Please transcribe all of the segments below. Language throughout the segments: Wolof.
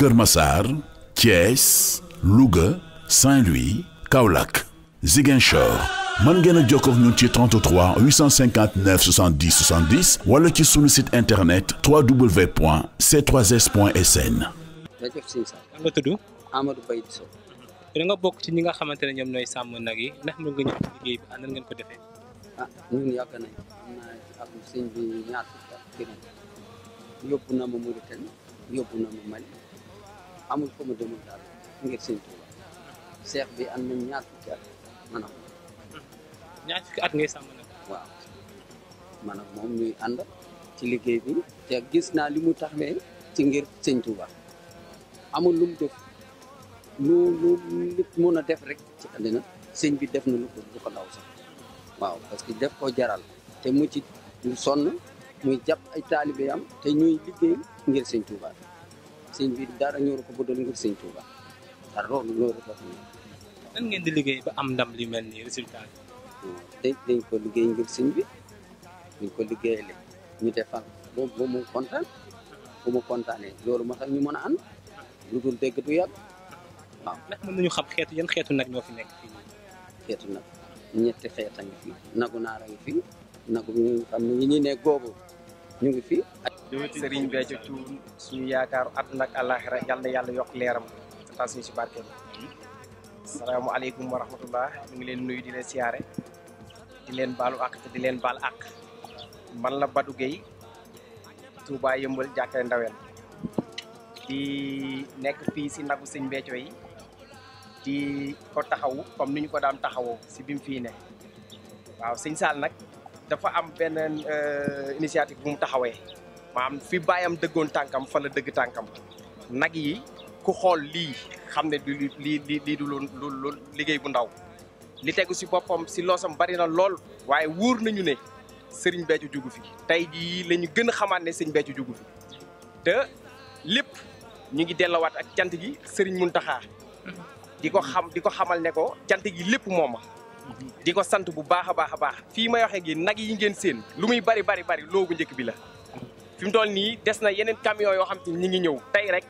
Kër Massar Thiès Louga Saint-Louis Kaolack Ziguinchor man ngeen a jokkoo ak ñun ci 33 859 70 70 wala ci sunu site internet www.c3s.sn. jërëjëf sëñ Sa. lan nga tudd. Amadou Baye Sow. da nga bokk ci ñi nga xamante ne ñoom ñooy sàmm nag yi ndax mën nga ñëw ci liggéey bi ah ngeen ko defee. ah ñun na ma Mauritanie amul fu mu demul daal ngir sëñ Tuuba seex bi am nañ ñaar fukki at man moom. ñaar fukki ñuy ànd ci liggéey bi te gis naa li mu taxawee ci ngir sëñ Tuuba amul lu mu def lu lu nit mun a def rek ci àddina sëñ bi def na lu ko lu sax waaw parce que def ko jaral te mu ci sonn muy jàpp ay taalibe am te ñuy liggéey ngir sëñ Tuuba. sëñ bi dara ñëw ko budul ngir sëñ Tuuba dara loolu ñëw ko fi ñëw. ngeen di liggéey ba am ndam li mel nii résultat bi. Hmm. dañ ko liggéey ngir sëñ bi dañ ko liggéeyale ñu defal ba ba mu kontaan ba mu kontaanee loolu moo tax ñu mën a ànd lu dul degg du yàgg waaw. ndax mën nañu xam xeetu yan xeetu nag ñoo fi nekk fii. xeetu nag ñetti xeet a ngi fi nagu naar ngi fi nagu ñu xam ne ñi ñuy ne googu. ñu ngi fi. Serigne Béthio Thioune suñu yaakaaru àdduna ak àllaaxira yal na yàlla yokk leeram te taas ñu si barkeem. salaamaaleykum wa rahmatullah ñu ngi leen nuyu di leen siyaare di leen baalu àq leen baal àq man la Badou Gueye Touba yëmbal jàkkee ndaween di nekk fii si nagu sëñ Béthio yi di ko taxawu comme ni ñu ko daan taxawoo si bim mu fii ne waaw sëñ Saal nag dafa am benn euh, initiative bu mu taxawee maanaam fi baayam dëggoon tànkam fan la dëgg tànkam nag yi ku xool lii xam ne du lii lii lii du lu liggéey bu ndaw li tegu si boppam si loosam bari na lool waaye wóor nañu ne sëriñ Béthio jugu fi tey jii la ñu gën a xamaat ne sëriñ Béthio jugu fi te lépp ñu ngi dellawaat ak cant gi sëriñ Muntaxa mm-hmm. di ko xam di ko xamal ne ko jant gi lépp mooma di ko sant bu baax a baax a baax fii may waxee gi nag yi ngeen seen lu muy bari bari bari loobu njëkk bi la fi mu toll nii des na yeneen camion yoo xam te ñi ngi ñëw tey rek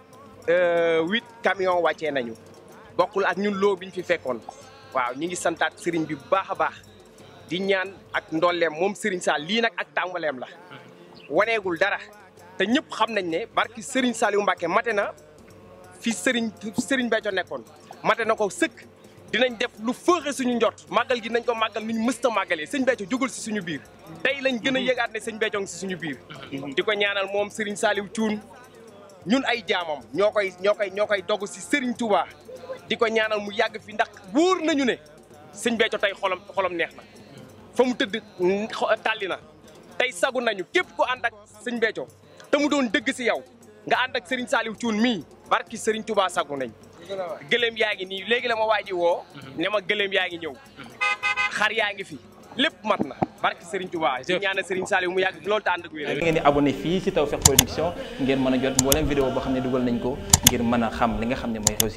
euh, huit camion wàccee nañu bokkul ak ñun loo biñ fi fekkoon waaw ñi ngi santaat sëriñ bi bu baax a baax di ñaan ak ndolleem moom sëriñ Sall lii nag ak tàmbaleem la waneegul dara te ñëpp xam nañ ne barki sëriñ Saliou Mbacke mate na fi sëriñ sëriñ Béthio nekkoon mate na ko sëkk dinañ def lu fëxe suñu njot màggal gi nañ ko màggal ni ñu mësta màggalee sëñ Béthio jógul si suñu biir tey lañ gën a mhm. yëgaat sëñ Béthio si suñu biir mhm. di ko ñaanal moom Serigne Saliou Thioune ñun ay jaamam ñoo koy ñoo ñoo koy dogg si Serigne Touba di ko ñaanal mu yàgg fi ndax wóor nañu ne sëñ Béthio tey xolam xolam neex na fa mu tëdd tàlli na tey sagu nañu képp ku ànd ak sëñ te mu doon dëgg si yow nga ànd ak Serigne Saliou Thioune mii barki Serigne Touba sagu nañ gëléem yaa ngi nii léegi la ma waa ji woo ne ma gëléem yaa ngi ñëw xar yaa ngi fi lépp mat na barke Serigne Touba di ñaanal Serigne Saliou mu yàgg loolu te ànd ak wér ngeen di abonné fii ci Tawfekh Production ngeen mën a jot mboolem vidéo boo xam ne dugal nañ ko ngir mën a xam li nga xam ne mooy xew